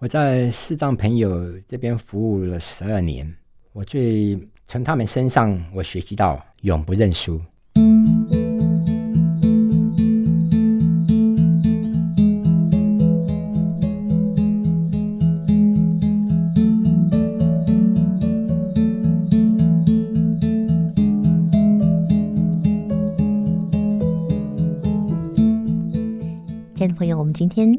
我在視障朋友這邊服務了十二年，我最從他們身上我學習到永不認輸。親愛的朋友，我們今天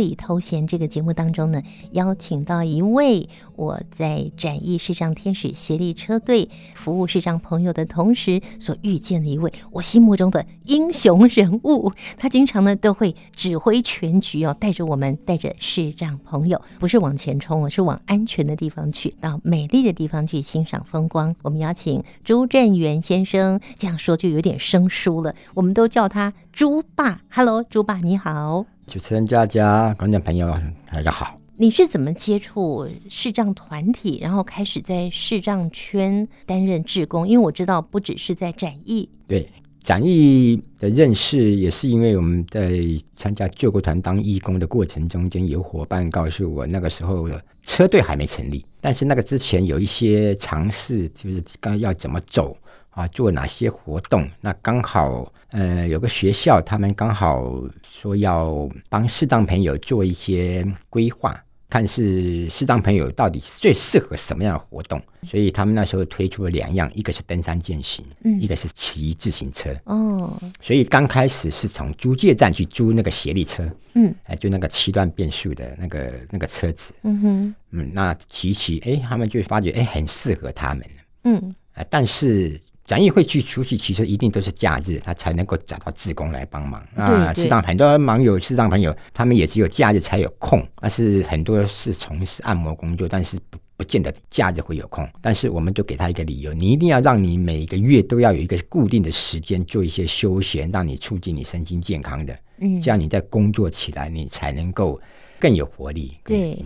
裡偷閒這個節目當中呢，邀請到一位我在展翼視障天使協力車隊服務視障朋友的同時，所遇見的一位我心目中的英雄人物。他經常呢都會指揮全局哦，帶着我們，帶着視障朋友，不是往前衝，而是往安全的地方去，到美麗的地方去欣賞風光。我們邀請朱振元先生，這樣說就有點生疏了，我們都叫他朱爸。Hello，朱爸你好！主持人佳佳，加加觀眾朋友，大家好。你是怎麼接觸視障團體，然後開始在視障圈擔任志工？因為我知道不只是在展翼。對展翼的認識，也是因為我們在參加救國團當義工的過程中間，有夥伴告訴我，那個時候車隊還沒成立，但是那個之前有一些嘗試，就是剛要怎麼走。啊，做哪些活動？那剛好，呃，有個學校，他們剛好說要幫視障朋友做一些規劃，看是視障朋友到底最適合什麼樣的活動。所以他們那時候推出了兩樣，一個是登山健行，嗯，一個是騎自行車。哦，所以剛開始是從租借站去租那個協力車，嗯、呃，就那個七段變速的那個那個車子，嗯哼，嗯，那騎騎，哎、欸，他們就發覺，哎、欸，很適合他們。嗯、呃，但是。展翼會去出去騎車，其實一定都是假日，他才能夠找到志工來幫忙啊。視障很多盲友、視障朋友，他們也只有假日才有空。但是很多是從事按摩工作，但是不不見得假日會有空。但是我們都給他一個理由，你一定要讓你每個月都要有一個固定的時間做一些休閒，讓你促進你身心健康的，嗯，這樣你在工作起來，你才能夠。更有活力，對，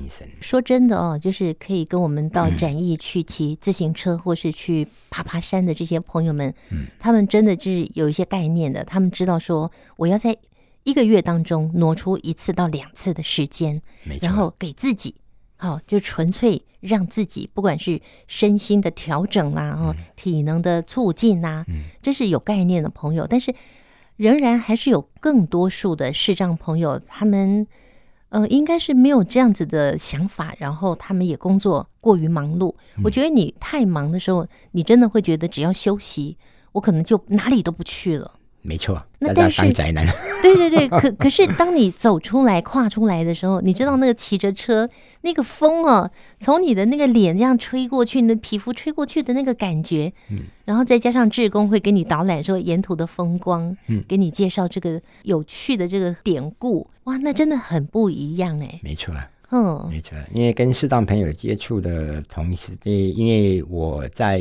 說真的哦，就是可以跟我們到展翼去騎自行車，或是去爬爬山的這些朋友們，嗯、他們真的就是有一些概念的，他們知道說我要在一個月當中挪出一次到兩次的時間，沒錯，然後給自己，好、哦，就純粹讓自己不管是身心的調整啦、啊，哦、嗯，體能的促進啊、嗯、這是有概念的朋友，但是仍然還是有更多數的視障朋友，他們。嗯、呃，應該是沒有這樣子的想法，然後他們也工作過於忙碌。我覺得你太忙的時候，嗯、你真的會覺得只要休息，我可能就哪裡都不去了。沒錯，當那，但是宅男，對對對，可可是當你走出來、跨出來的時候， 你知道那個騎着車，那個風哦，從你的那個臉這樣吹過去，你的皮膚吹過去的那個感覺，嗯，然後再加上志工會給你導覽，說沿途的風光，嗯，給你介紹這個有趣的這個典故，哇，那真的很不一樣誒、欸。沒錯錯，嗯，沒錯，因為跟適當朋友接觸的同時對，因為我在。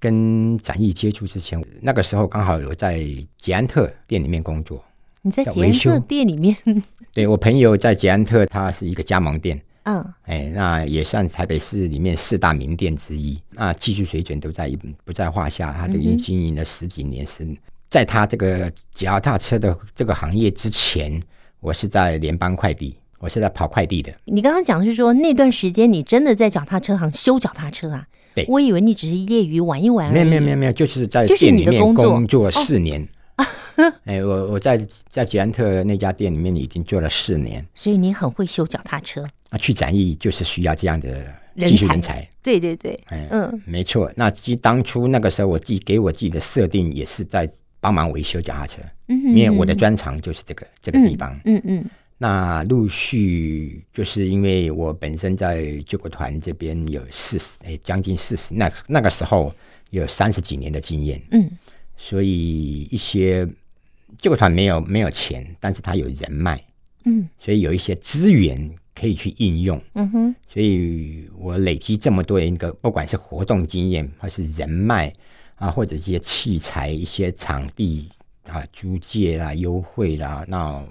跟展翼接觸之前，那個時候剛好有在捷安特店裡面工作。你在捷安特店裡面？ 對，我朋友在捷安特，他是一個加盟店。嗯，哎，那也算台北市裡面四大名店之一，那技術水準都在不在話下。他都已經經營了十幾年，是、mm，hmm. 在他這個腳踏車的這個行業之前，我是在聯邦快遞，我是在跑快遞的。你剛剛講的是說，那段時間你真的在腳踏車行修腳踏車啊？對我以為你只是業餘玩一玩。沒有沒有沒有，就是在店裡面工作四年。哦、 哎，我我在在捷安特那家店裡面已經做了四年，所以你很會修腳踏車。啊，去展翼就是需要這樣的技術人才。人才對對對，哎、嗯，沒錯。那其實當初那個時候，我自己給我自己的設定也是在幫忙維修腳踏車，嗯嗯因為我的專長就是這個、嗯、這個地方。嗯嗯。嗯那陸續就是因為我本身在救國團這邊有四十哎，將近四十，那那個時候有三十幾年的經驗，嗯，所以一些救國團沒有沒有錢，但是他有人脈，嗯，所以有一些資源可以去應用，嗯哼，所以我累積這麼多一個，不管是活動經驗還是人脈啊，或者一些器材、一些場地啊、租借啦、啊、優惠啦、啊，那。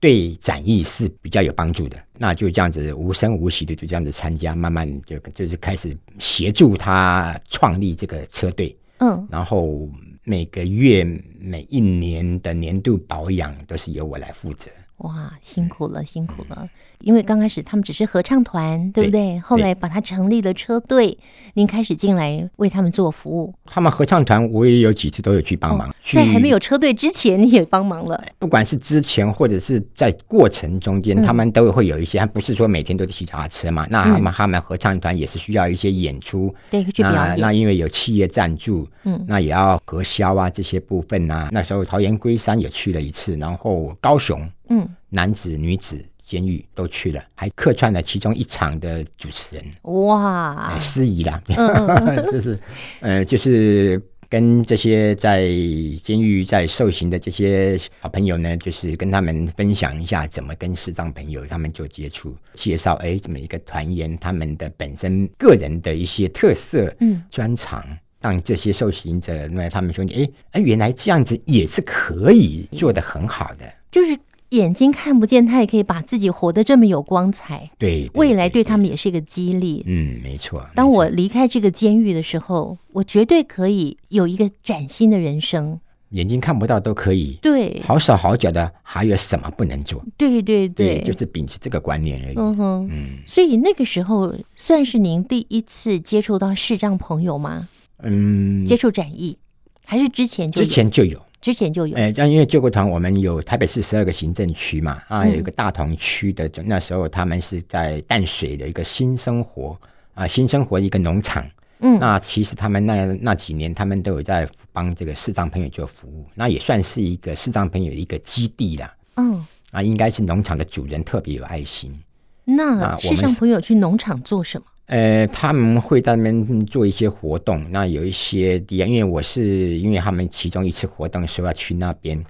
對展翼是比較有幫助的，那就這樣子無聲無息的就這樣子參加，慢慢就就是開始協助他創立這個車隊，嗯，然後每個月每一年的年度保養都是由我來負責。哇，辛苦了，辛苦了！因為剛開始他們只是合唱團，對，對不對？後來把它成立了車隊，您開始進來為他們做服務。他們合唱團我也有幾次都有去幫忙，哦、去在還沒有車隊之前你也幫忙了。不管是之前或者是在過程中間，嗯、他們都會有一些，他不是說每天都去找他吃嘛？嗯、那他們他們合唱團也是需要一些演出，對，去表演那。那因為有企業贊助，嗯，那也要核銷啊這些部分啊。那時候桃園龜山也去了一次，然後高雄。嗯，男子、女子監獄都去了，還客串了其中一場的主持人。哇，司儀、呃、啦，嗯嗯 就是呃，就是跟這些在監獄在受刑的這些好朋友呢，就是跟他們分享一下怎麼跟視障朋友他們做接觸，介紹哎，這、欸、麼一個團員他們的本身個人的一些特色，嗯，專長，讓這些受刑者那他們兄弟哎哎，原來這樣子也是可以做得很好的，就是。眼睛看不見，他也可以把自己活得這麼有光彩。對，對，對，對，未來對他們也是一個激勵。嗯，沒錯。當我離開這個監獄的時候，沒錯。我絕對可以有一個嶄新的人生。眼睛看不到都可以。對，好手好腳的，還有什麼不能做？對對對，對就是秉持這個觀念而已。嗯哼，嗯。所以那個時候算是您第一次接觸到視障朋友嗎？嗯，接觸展翼。還是之前就有，之前就有。之前就有，哎、欸，這樣，因為救國團，我們有台北市十二個行政區嘛，嗯、啊，有一個大同區的，就那時候他們是在淡水的一個新生活啊，新生活一個農場，嗯，那其實他們那那幾年，他們都有在幫這個視障朋友做服務，那也算是一個視障朋友一個基地了，嗯、哦，啊，應該是農場的主人特別有愛心，那視障、啊、朋友去農場做什麼？呃，他們會在那邊做一些活動。那有一些，因為我是因為他們其中一次活動說要去那邊，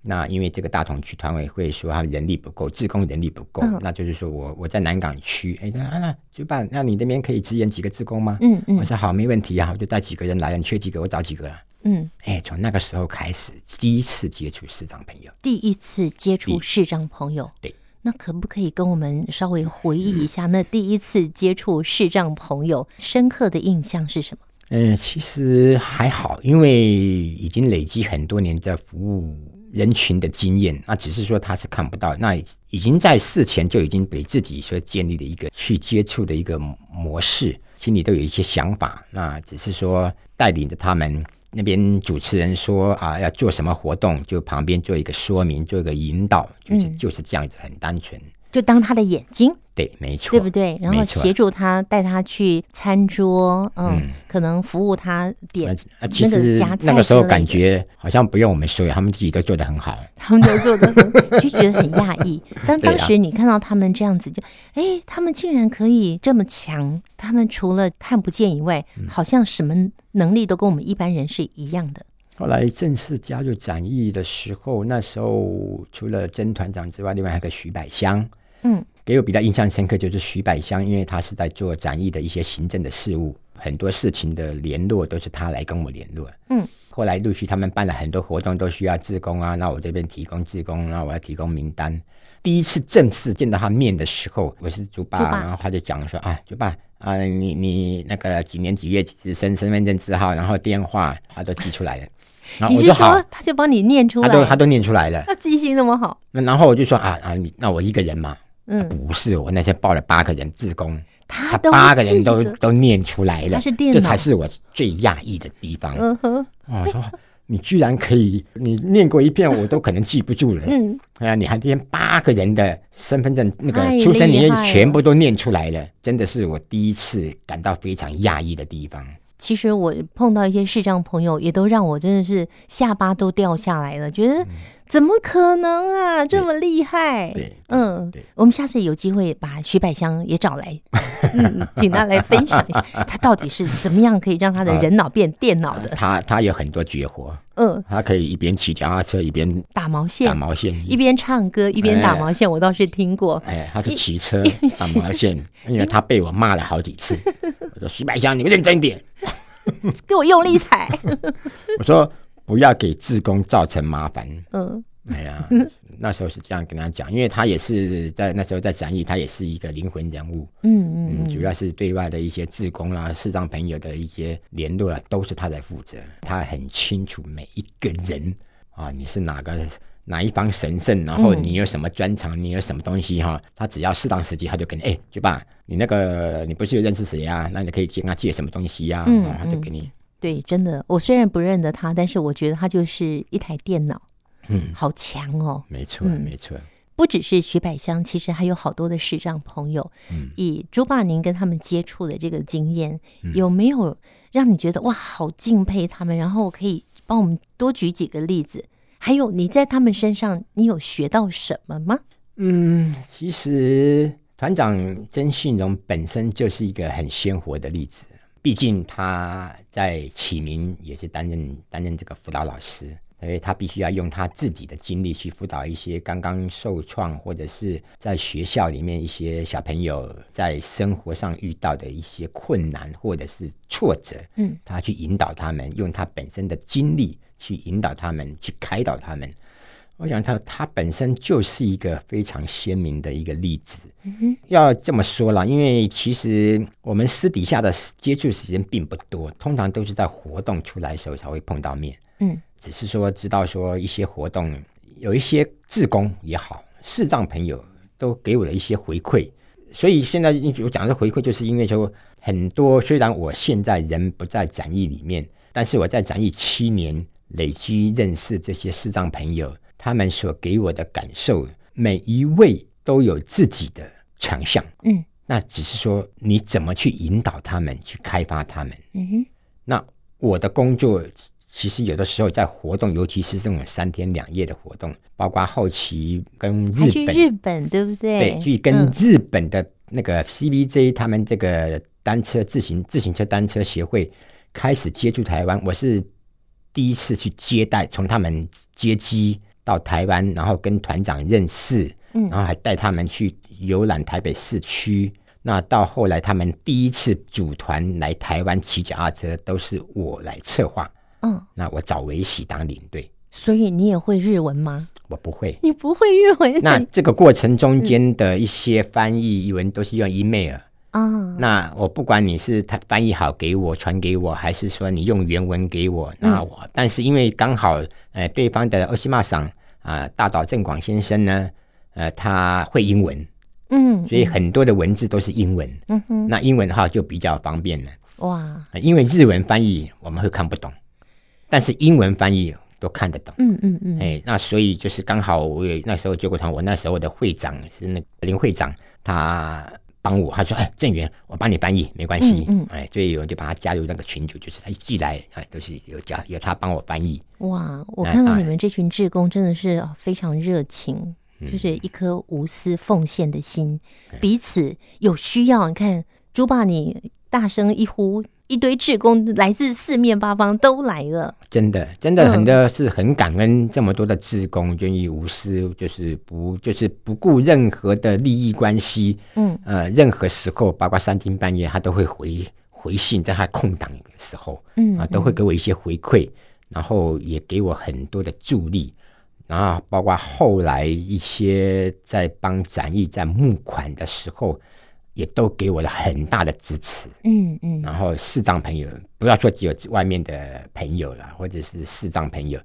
那因為這個大同區團委會說他們人力不夠，志工人力不夠，哦、那就是說我我在南港區，哎，那那主辦，那你那邊可以支援幾個志工嗎？嗯嗯，嗯我說好，沒問題啊，我就帶幾個人來了，你缺幾個我找幾個。嗯，哎，從那個時候開始，第一次接觸視障朋友，第一次接觸視障朋友，對。對那可不可以跟我們稍微回憶一下，那第一次接觸視障朋友，深刻的印象是什麼？誒、嗯，其實還好，因為已經累積很多年的服務人群的經驗，那只是說他是看不到，那已經在事前就已經給自己所建立的一個去接觸的一個模式，心裡都有一些想法，那只是說帶領着他們。那邊主持人說啊，要做什麼活動，就旁邊做一個說明，做一個引導，就是就是這樣子，很單純。嗯就當他的眼睛，對，沒錯，對不對？然後協助他，帶他去餐桌，啊、嗯，可能服務他點那個、啊，其實那個時候感覺好像不用我們說，他們自己都做得很好，他們都做得很，好， 就覺得很訝異。但當時你看到他們這樣子就，就哎、啊欸，他們竟然可以這麼強，他們除了看不見以外，嗯、好像什麼能力都跟我們一般人是一樣的。後來正式加入展翼的時候，那時候除了曾團長之外，另外還有個徐百香。嗯，給我比較印象深刻就是徐百香，因為他是在做展翼的一些行政的事務，很多事情的聯絡都是他來跟我聯絡。嗯，後來陸續他們辦了很多活動，都需要志工啊，那我這邊提供志工，那我要提供名單。第一次正式見到他面的時候，我是朱爸，朱爸然後他就講說啊，朱爸啊，你你那個幾年幾月幾幾生身份證字號，然後電話，他都提出來了。我、啊、就、啊、說他就幫你念出來了，他都他都念出來了，他記性那麼好。那然後我就說啊啊，那我一個人嘛。不是我那些報了八個人志工，嗯、他，他八個人都都念出來了，這才是我最訝異的地方。我說、嗯呵哦、你居然可以，你念過一遍我都可能記不住了。嗯、哎，你還連八個人的身份證那個出生年月全部都念出來了，真的是我第一次感到非常訝異的地方。其實我碰到一些視障朋友，也都讓我真的是下巴都掉下來了，覺得、嗯。怎麼可能啊！這麼厲害對？對，對對嗯，我們下次有機會把徐百香也找來，嗯，請他來分享一下，他到底是怎麼樣可以讓他的人腦變電腦的？啊、他他有很多絕活，嗯，他可以一邊騎腳踏車一邊打毛線，打毛線，一邊唱歌一邊打毛線，哎、我倒是聽過。哎，他是騎車你打毛線，你因為他被我罵了好幾次， 我說徐百香，你認真一點，給我用力踩，我說。不要給志工造成麻煩。嗯，呃、哎呀， 那時候是這樣跟他講，因為他也是在那時候在展翼，他也是一個靈魂人物。嗯嗯，嗯，嗯，主要是對外的一些志工啊、視障朋友的一些聯絡啊，都是他在負責。他很清楚每一個人啊，你是哪個哪一方神聖，然後你有什麼專長，嗯、你有什麼東西哈、啊，他只要適當時機，他就跟你，哎，朱、欸、爸，你那個你不是有認識誰呀、啊？那你可以跟他借什麼東西呀、啊？啊、嗯嗯他就給你。對，真的。我雖然不認得他，但是我覺得他就是一台電腦，嗯，好強哦。沒錯，沒錯。不只是徐百香，其實還有好多的視障朋友。嗯，以朱爸您跟他們接觸的這個經驗，嗯，有沒有讓你覺得哇，好敬佩他們？然後我可以幫我們多舉幾個例子。還有你在他們身上，你有學到什麼嗎？嗯，其實團長曾慶榮本身就是一個很鮮活的例子，畢竟他。在啟明也是擔任擔任這個輔導老師，所以他必須要用他自己的經歷去輔導一些剛剛受創，或者是在學校裡面一些小朋友在生活上遇到的一些困難，或者是挫折，嗯，他去引導他們，用他本身的經歷去引導他們，去開導他們。我想他他本身就是一個非常鮮明的一個例子。嗯、哼要這麼說了，因為其實我們私底下的接觸時間並不多，通常都是在活動出來的時候才會碰到面。嗯，只是說知道說一些活動，有一些志工也好，視障朋友都給我了一些回饋。所以現在我講的回饋，就是因為說很多雖然我現在人不在展翼裡面，但是我在展翼七年累積認識這些視障朋友。他們所給我的感受，每一位都有自己的強項，嗯，那只是說你怎麼去引導他們，去開發他們，嗯哼。那我的工作其實有的時候在活動，尤其是這種三天兩夜的活動，包括後期跟日本，去日本對不對？對，去跟日本的那個 CBJ，嗯，他們這個單車自行自行車單車協會開始接觸台灣，我是第一次去接待，從他們接機。到台灣，然後跟團長認識，嗯，然後還帶他們去遊覽台北市區。嗯、那到後來，他們第一次組團來台灣騎腳踏車，都是我來策劃，嗯、哦，那我找維喜當領隊。所以你也會日文嗎？我不會，你不會日文。那這個過程中間的一些翻譯、日文都是用 email、嗯。嗯哦、oh. 那我不管你是他翻譯好給我傳給我，還是說你用原文給我，那我，嗯、但是因為剛好，呃，對方的奧西馬賞啊，大島正廣先生呢，呃，他會英文，嗯，嗯，所以很多的文字都是英文，嗯哼，那英文的話就比較方便了，哇，因為日文翻譯我們會看不懂，但是英文翻譯都看得懂，嗯嗯嗯，哎、欸，那所以就是剛好我有那時候結果團，我那時候的會長是那林會長，他。幫我，他說：“哎，振元，我幫你翻譯，沒關係。嗯嗯”哎，所以有人就把他加入那個群組，就是他一寄來，哎，都是有加有他幫我翻譯。哇，我看到你們這群志工真的是非常熱情，哎哎、就是一顆無私奉獻的心，嗯、彼此有需要，你看，朱爸你大聲一呼。一堆志工來自四面八方都來了，真的，真的很多是很感恩這麼多的志工願意無私，就是不就是不顧任何的利益關係，嗯呃，任何時候，包括三更半夜，他都會回回信，在他空檔的時候，嗯，嗯啊，都會給我一些回饋，然後也給我很多的助力，然後包括後來一些在幫展翼在募款的時候。也都給我了很大的支持，嗯嗯，嗯，然後視障朋友，不要說只有外面的朋友了，或者是視障朋友，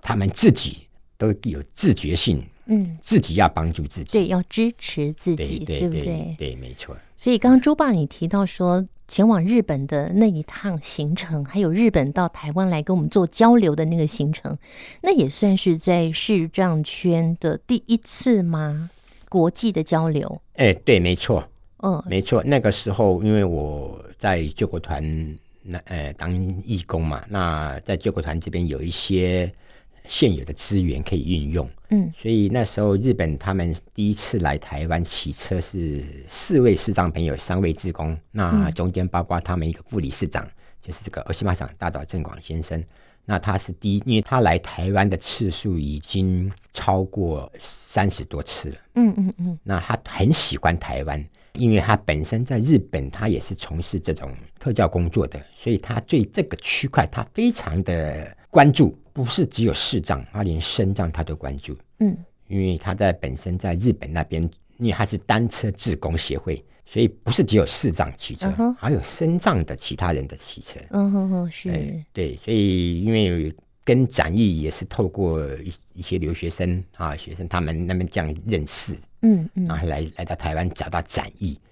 他們自己都有自覺性，嗯，自己要幫助自己，對，要支持自己，對，對，對不對，對，對，沒錯。所以剛剛朱爸你提到說，前往日本的那一趟行程，對還有日本到台灣來跟我們做交流的那個行程，那也算是在視障圈的第一次嗎？國際的交流，哎、欸，對，沒錯，嗯，沒錯。那個時候，因為我在救國團那，哎、呃，當義工嘛，那在救國團這邊有一些現有的資源可以運用，嗯，所以那時候日本他們第一次來台灣騎車是四位市長朋友，三位志工，那中間包括他們一個副理事長，嗯、就是這個歐西馬場大島正廣先生。那他是第一，因為他來台灣的次數已經超過三十多次了。嗯嗯嗯。嗯嗯，那他很喜歡台灣，因為他本身在日本，他也是從事這種特教工作的，所以他對這個區塊，他非常的關注，不是只有視障，他連身障他都關注。嗯，因為他在本身在日本那邊，因為他是單車志工協會。所以不是只有視障騎車，uh huh. 還有身障的其他人的騎車。Uh huh huh. sure. 嗯哼哼，是。對，所以因為跟展翼也是透過一一些留學生啊，學生他們那邊這樣認識，嗯嗯、uh，huh. 然後來來到台灣找到展翼，uh huh.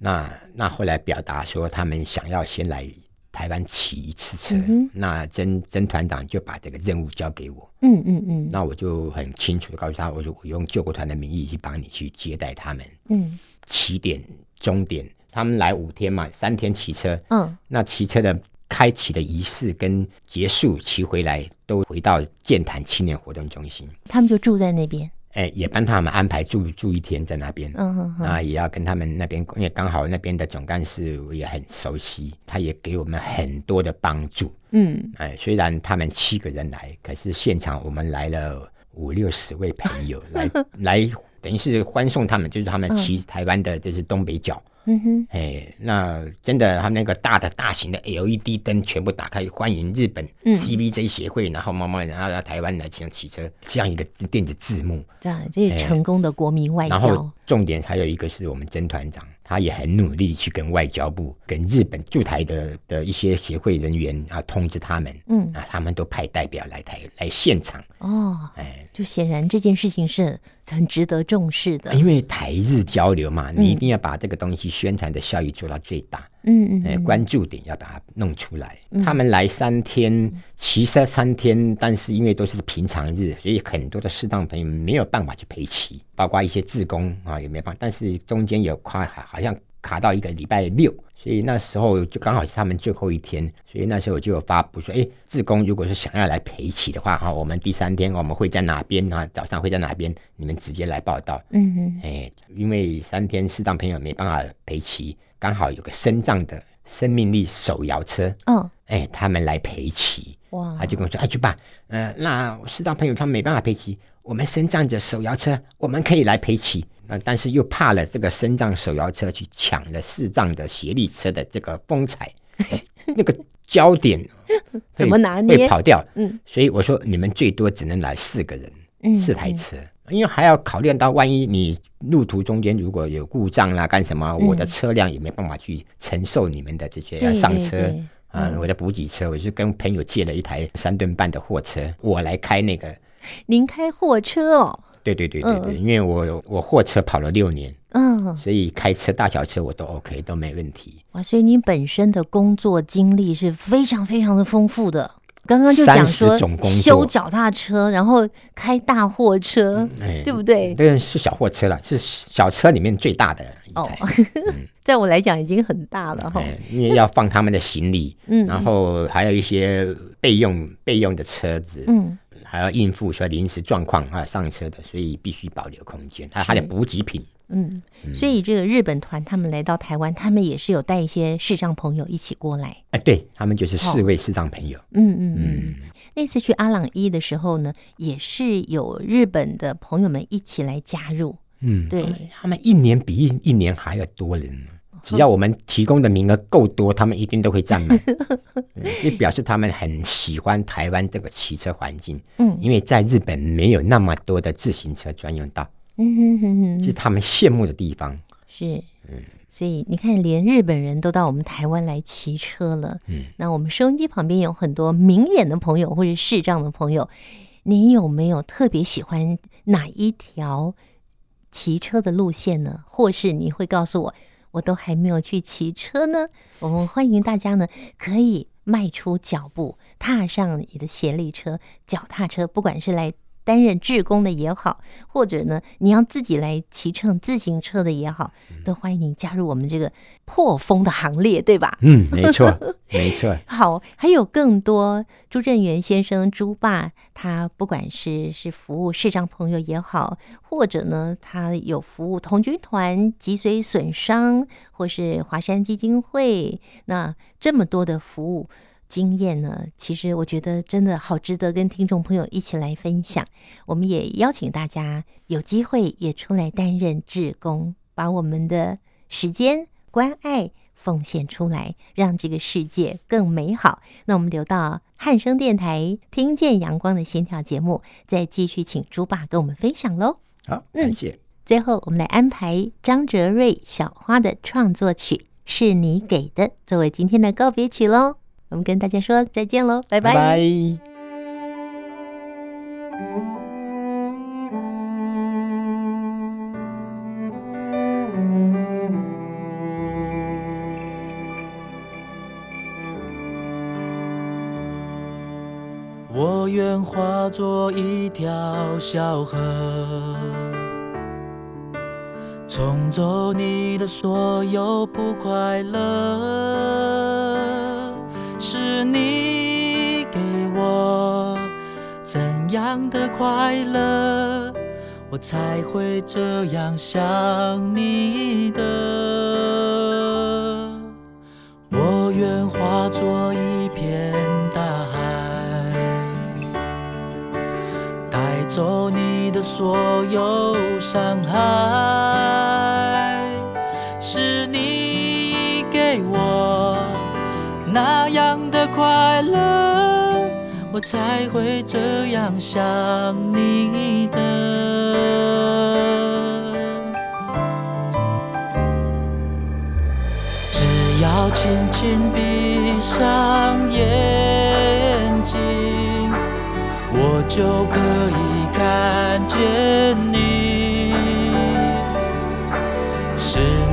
那那後來表達說他們想要先來台灣騎一次車，uh huh. 那曾曾團長就把這個任務交給我。嗯嗯嗯，huh. 那我就很清楚的告訴他，我說我用救國團的名義去幫你去接待他們。嗯、uh。Huh. 起點、終點，他們來五天嘛，三天騎車。嗯，那騎車的開啟的儀式跟結束騎回來，都回到劍潭青年活動中心。他們就住在那邊。哎、欸，也幫他們安排住住一天在那邊、嗯。嗯嗯，那也要跟他們那邊，因為剛好那邊的總幹事我也很熟悉，他也給我們很多的幫助。嗯，哎、欸，雖然他們七個人來，可是現場我們來了五六十位朋友來來。 等於是歡送他們，就是他們騎台灣的，就是東北角。嗯哼，哎，那真的，他們那個大的、大型的 LED 燈全部打開，歡迎日本 CBJ 協會，嗯、然後慢慢到台灣來騎騎車，這樣一個電子字幕，這樣，這是成功的國民外交。然後，重點還有一個是我們曾團長，他也很努力去跟外交部、跟日本駐台的的一些協會人員啊通知他們，嗯啊，他們都派代表來台來現場。哦，哎嘿，就顯然這件事情是。很值得重視的，因為台日交流嘛，你一定要把這個東西宣傳的效益做到最大。嗯嗯、呃，關注點要把它弄出來。嗯、他們來三天，其實三天，但是因為都是平常日，所以很多的適當的朋友沒有辦法去陪騎，包括一些志工啊、哦，也沒辦法。但是中間有跨，好像，卡到一個禮拜六，所以那時候就剛好是他們最後一天，所以那時候我就有發布說：哎、欸，志工如果是想要來陪騎的話，哈，我們第三天我們會在哪邊？早上會在哪邊？你們直接來報到。嗯哼」嗯嗯、欸。因為三天視障朋友沒辦法陪騎，剛好有個身障的生命力手搖車。哎、哦欸，他們來陪騎。哇。他就跟我說：“哎、欸，去吧，嗯、呃，那視障朋友他們沒辦法陪騎。”我們身障着手搖車，我們可以來陪騎，呃、但是又怕了這個身障手搖車去搶了視障的協力車的這個風采， 欸、那個焦點會怎麼拿捏會跑掉？嗯，所以我說，你們最多只能來四個人，嗯、四台車，嗯、因為還要考慮到萬一你路途中間如果有故障啦，幹什麼，嗯、我的車輛也沒辦法去承受你們的這些、嗯、上車啊，我的補給車，我就跟朋友借了一台三噸半的貨車，我來開那個。您開貨車哦？對對對對對，嗯、因為我我貨車跑了六年，嗯，所以開車大小車我都 OK，都沒問題。哇，所以你本身的工作經歷是非常非常的豐富的。剛剛就講說三十種工作，修腳踏車，然後開大貨車，嗯嗯、對不對？對，是是小貨車了，是小車裡面最大的哦， 嗯、在我來講已經很大了哈、嗯嗯。因為要放他們的行李， 嗯，然後還有一些備用備用的車子，嗯。還要應付說臨時狀況，還要上車的，所以必須保留空間。是還有它的補給品。嗯，嗯，所以這個日本團他們來到台灣，嗯、他們也是有帶一些視障朋友一起過來。哎、啊，對他們就是四位視障朋友。嗯嗯、哦、嗯。嗯嗯，那次去阿朗伊的時候呢，也是有日本的朋友們一起來加入。嗯，對他，他們一年比一一年還要多人。只要我們提供的名額夠多，他們一定都會占滿，也、 嗯、表示他們很喜歡台灣這個騎車環境。嗯，因為在日本沒有那麼多的自行車專用道，嗯哼哼哼，就是他們羨慕的地方。是，嗯，所以你看，連日本人都到我們台灣來騎車了。嗯，那我們收音機旁邊有很多明眼的朋友或是視障的朋友，嗯、你有沒有特別喜歡哪一條騎車的路線呢？或是你會告訴我？我都還沒有去騎車呢，我、哦、們歡迎大家呢，可以邁出腳步，踏上你的協力車、腳踏車，不管是來。擔任志工的也好，或者呢，你要自己來騎乘自行車的也好，嗯、都歡迎您加入我們這個破風的行列，對吧？嗯，沒錯，沒錯。 好，還有更多朱振元先生，朱爸，他不管是是服務視障朋友也好，或者呢，他有服務童軍團、脊髓損傷，或是華山基金會，那這麼多的服務。經驗呢？其實我覺得真的好值得跟聽眾朋友一起來分享。我們也邀請大家有機會也出來擔任志工，把我們的時間、關愛奉獻出來，讓這個世界更美好。那我們留到漢聲電台聽見陽光的閒聊節目，再繼續請朱爸跟我們分享嘍。好，謝謝。嗯，最後，我們來安排張哲瑞小花的創作曲，是你給的，作為今天的告別曲嘍。我們跟大家說再見嘍，拜拜。我願化作一條小河，沖走你的所有不快樂。是你給我怎樣的快樂，我才會這樣想你的。我願化作一片大海，帶走你的所有傷害。那樣的快樂，我才會這樣想你的。只要輕輕閉上眼睛，我就可以看見你。是。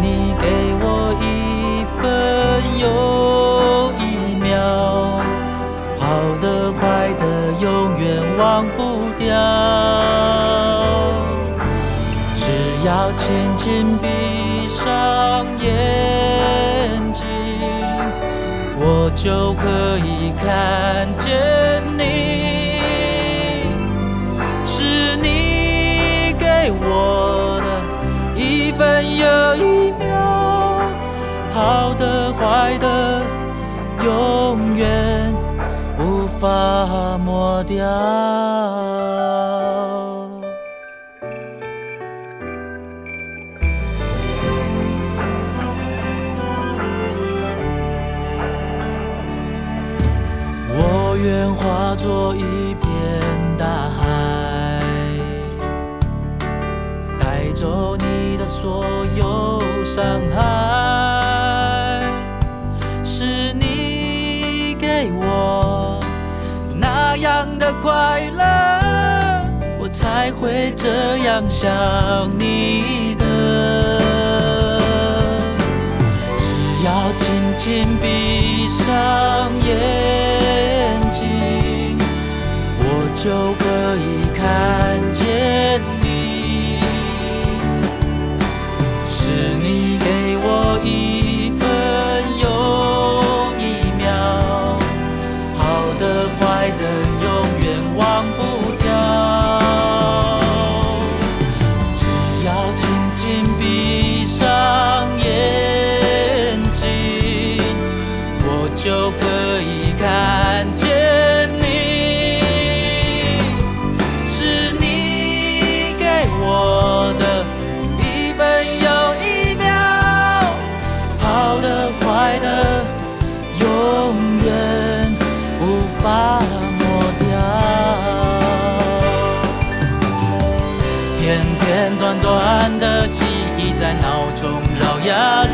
閉上眼睛，我就可以看見你。是你給我的一分又一秒，好的壞的，永遠無法抹掉。做一片大海，帶走你的所有傷害。是你給我那樣的快樂，我才會這樣想你的。只要輕輕閉上眼睛。就可以看見。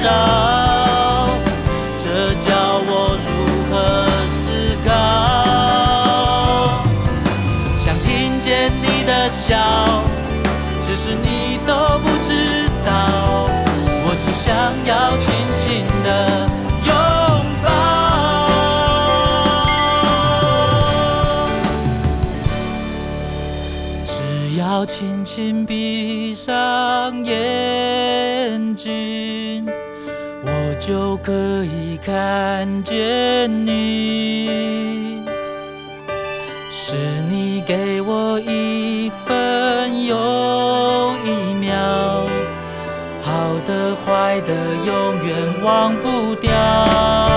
繞，這教我如何思考？想聽見你的笑，只是你都不知道。我只想要輕輕的擁抱，只要輕輕閉上眼睛。就可以看見你，是你給我一分又一秒，好的壞的永遠忘不掉。